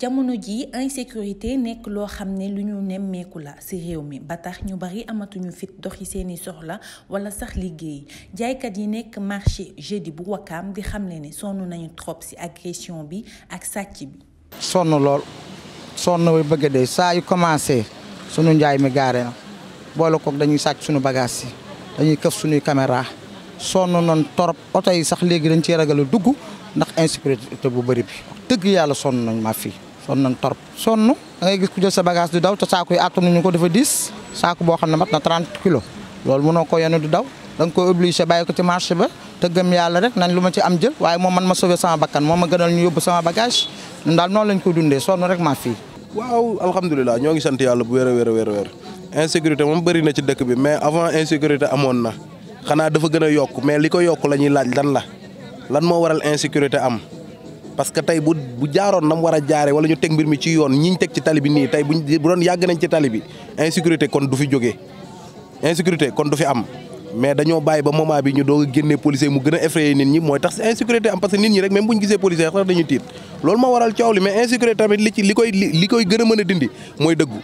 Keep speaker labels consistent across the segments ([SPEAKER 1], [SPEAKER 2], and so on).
[SPEAKER 1] jamono ji insécurité nek lo xamné que lu la ci réew mi ba ñu bari amatuñu fit doxi seeni soxla wala sax liggéey kat yi nek marché jeudi bu wakam di xamlé sonu trop ci agression bi ak bi.
[SPEAKER 2] sonu lool sonu way bëgg a commencé sunu njaay mi garé na dañuy sunu bagage ci dañuy keuf caméra non trop auto yi sax légui dañ insécurité bu bi ma sonn nañ torop sonn da ngay gis ku jël sa bagage di daw te saako yi attanuñu ko dafa diis saako boo xam ne mat na 30 kilos loolu mënoo ko yenu di daw da nga koy obligé bàyyi ko ci marché ba te gëm yàlla rek nañ lu ma ci am jël waaye moom man ma sauvé sama bakkan moom ma gënal ñu yóbbu sama bagage ñun daal noonu lañ koy dundee sonn rek maa fii.
[SPEAKER 3] waaw alhamdulilah ñoo ngi sant yàlla bu wér a wér a wér a wér insécurité moom bëri na ci dëkk bi mais avant insécurité amoon na xanaa dafa gën a yokk mais li ko yokk la ñuy laaj lan la lan moo waral insécurité am parce que tey bu bu jaaroon nam war a jaare wala ñu teg mbir mi ci yoon ñi ñu teg ci tali bi nii tey buñ bu doon yàgg nañ ci tali bi insécurité kon du fi jógee insécurité kon du am mais dañoo bàyyi ba moment bi ñu doog génne génnee policier mu gën a nit ñi mooy tax si insécurité am parce que nit ñi rek même bu ñu gisee policier dañu tiit loolu moo waral coow li mais insécurité tamit li ci li koy li koy gën a mën a dindi mooy dëggu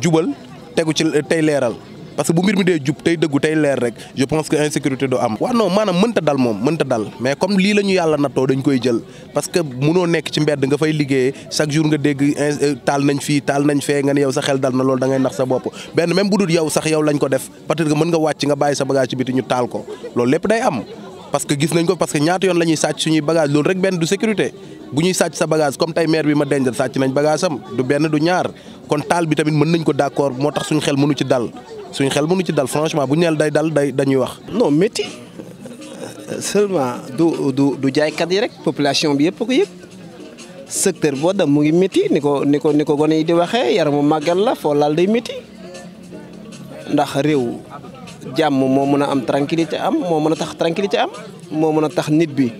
[SPEAKER 3] jubal tegu ci tey leeral parce que bu mbir mi dee jub tey dëggu tey leer rek je pense que insécurité doo am waaw non maanaam mënta dal moom mënta dal mais comme lii la ñu yàlla nattoo dañ koy jël parce que munoo nekk ci mbedd nga fay liggéeyee chaque jour nga dégg euh, taal nañ fii taal nañ fee nga ne yow sa xel dal na loolu da ngay nax sa bopp benn même bu dul yow sax yow lañ ko def peut que mën nga wàcc nga bàyyi sa bagage ci biti ñu taal ko loolu lépp day am parce que gis nañ ko parce que ñaata yoon la ñuy sàcc suñuy bagage loolu rek benn du sécurité bu ñuy sàcc sa bagage comme tey maire bi ma denc sàcc ñaar kon taal bi tamit mën nañ ko d'accord moo tax suñu xel mënu ci dal suñ xel mënu ci dal franchement bu ñël day dal day dañuy wax non metti seulement du du du
[SPEAKER 4] kat yi rek population bi yépp ko yépp secteur bo dem mu ngi metti ni ko ni ko ni ko gone yi di yar mu magal la fo lal day metti ndax rew jàmm mo mën am tranquillité am mo mën tax tranquillité am mo mën euh, tax nit bi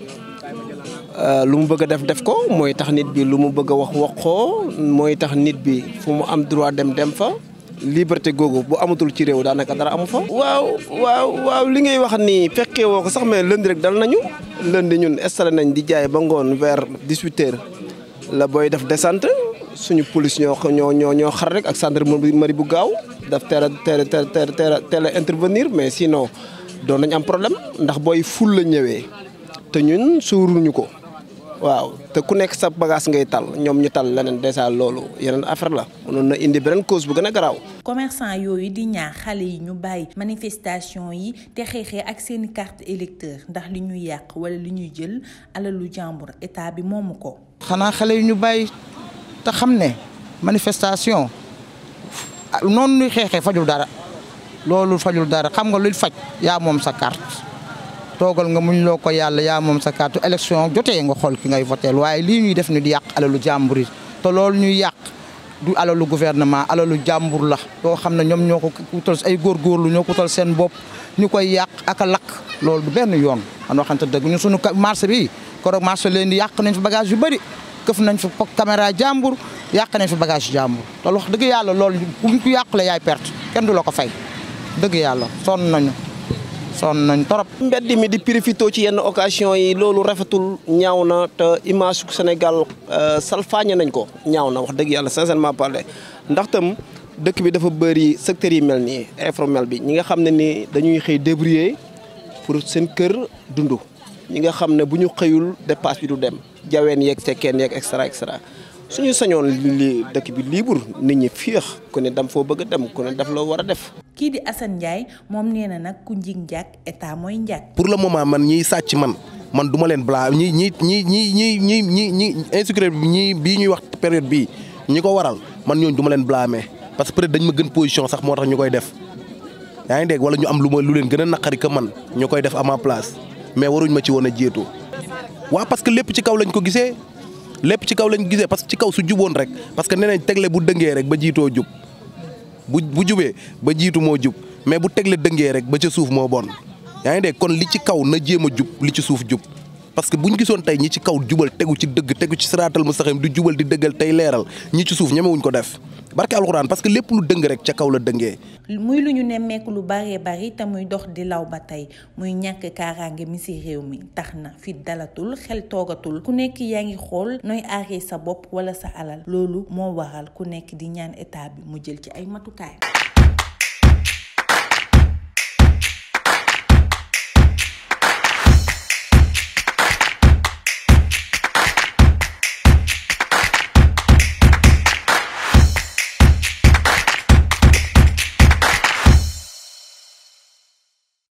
[SPEAKER 4] lu mu bëgg def def ko moy tax nit bi lu bëgg wax wax ko moy tax nit bi fu mu am droit dem dem fa liberté googu bu amatul ci réew daanaka dara amu fa. waaw waaw waaw li ngay wax nii fekkee woo ko sax mais lënd rek dal nañu. lënd ñun installé nañ di jaay ba ngoon vers dix-huit heures la booy def descente suñu police ñoo ñoo ñoo xar rek ak mari bu gaaw daf teel a teel a teel a intervenir mais sinon doon nañ am problème ndax booy ful la ñëwee te ñun suuruñu ko. waaw te ku nekk sa bagage ngay tal ñom ñu tal leneen déjà loolu yeneen affaire la mënoon na indi beneen cause bu gën a garaaw.
[SPEAKER 1] commerçant yooyu di ñaax xale yi ñu bàyyi manifestation yi te xeexee ak seen carte électeur ndax li ñuy yàq wala li ñuy jël alalu jàmbur état bi moomu ko.
[SPEAKER 2] xanaa xale yi ñu bàyyi te xam ne manifestation noonu ñuy xeexee fajul dara loolu fajul dara xam nga luy faj yaa moom sa carte togal nga muñ lo ko ya yaa moom sa carte election joté nga xol ki ngay voter waye li ñuy def ni di yak alalu jàmbur te lool ñuy yak du alalu gouvernement alalu jàmbur la do xamna ñom ñoko ñoo ko ay gor gor ko ñoko seen sen bop ñukoy yàq ak lak lool du ben yoon an waxante deug ñu suñu marché bi rek marché leen di yàq nañ fi bagage yu bari keuf nañ fi caméra jàmbur yàq nañ fi bagage jàmbur te wax dëgg yàlla loolu buñ ko la yaay perte kenn du lako fay deug yalla son nañu sonn nañ torop mbedd mi di profité ci yenn occasion yi loolu rafetul
[SPEAKER 4] ñaaw na te image su Sénégal euh, salfaañe nañ ko ñaaw na wax dëgg yàlla sincèrement parlé ndax tam dëkk bi dafa bëri secteurs yi mel nii informel bi ñi nga xam ne nii dañuy xëy débrouiller pour seen kër dund ñi nga xam ne bu ñu xëyul dépasse bi du dem jaween yeeg sekkeen yeeg et cetera cetera suñu sañoon li dëkk bi libre nit ñi fiix ku ne dam foo bëgg a dem ku ne daf loo war a def.
[SPEAKER 1] kii di Assane Ndiaye moom nee na nag ku njig njàkk état mooy njàkk.
[SPEAKER 3] pour le moment man ñiy sàcc man man duma ma leen blaa ñi ñi ñi ñi ñi ñi ñi ñi insécurité bi ñi bii ñuy wax période bii ñi ko waral man ñooñu duma ma leen blâmer parce que peut dañ ma gën position sax moo tax ñu koy def yaa ngi dégg wala ñu am lu ma lu leen gën a naqari que man ñu koy def à ma place mais waruñ ma ci woon a jiitu waaw parce que lépp ci kaw lañ ko gisee. lépp ci kaw lañ gisee parce que ci kaw su juboon rek parce que nee nañ tegle bu dëngee rek ba jiitoo jub bu bu jubee ba jiitu moo jub mais bu tegle dëngee rek ba ca suuf moo bon yaa ngi dégg kon li ci kaw na jéem a jub li ci suuf jub. parce que bu ñu gisoon tey ñi ci kaw jubal tegu ci dëgg tegu ci saraatal ma mustaqiim di jubal di dëggal tey leeral ñi ci suuf ñemewuñ ko def ba barke alxuraan parce que lépp lu dëng rek ca kaw la dëngee.
[SPEAKER 1] muy lu ñu nemmeeku lu bëree bëri te muy dox di law ba tey muy ñàkk kaaraange mi ci réew mi tax na fi dalatul xel toogatul ku nekk yaa ngi xool nooy aaree sa bopp wala sa alal loolu moo waral ku nekk di ñaan état bi mu jël ci ay matukaay.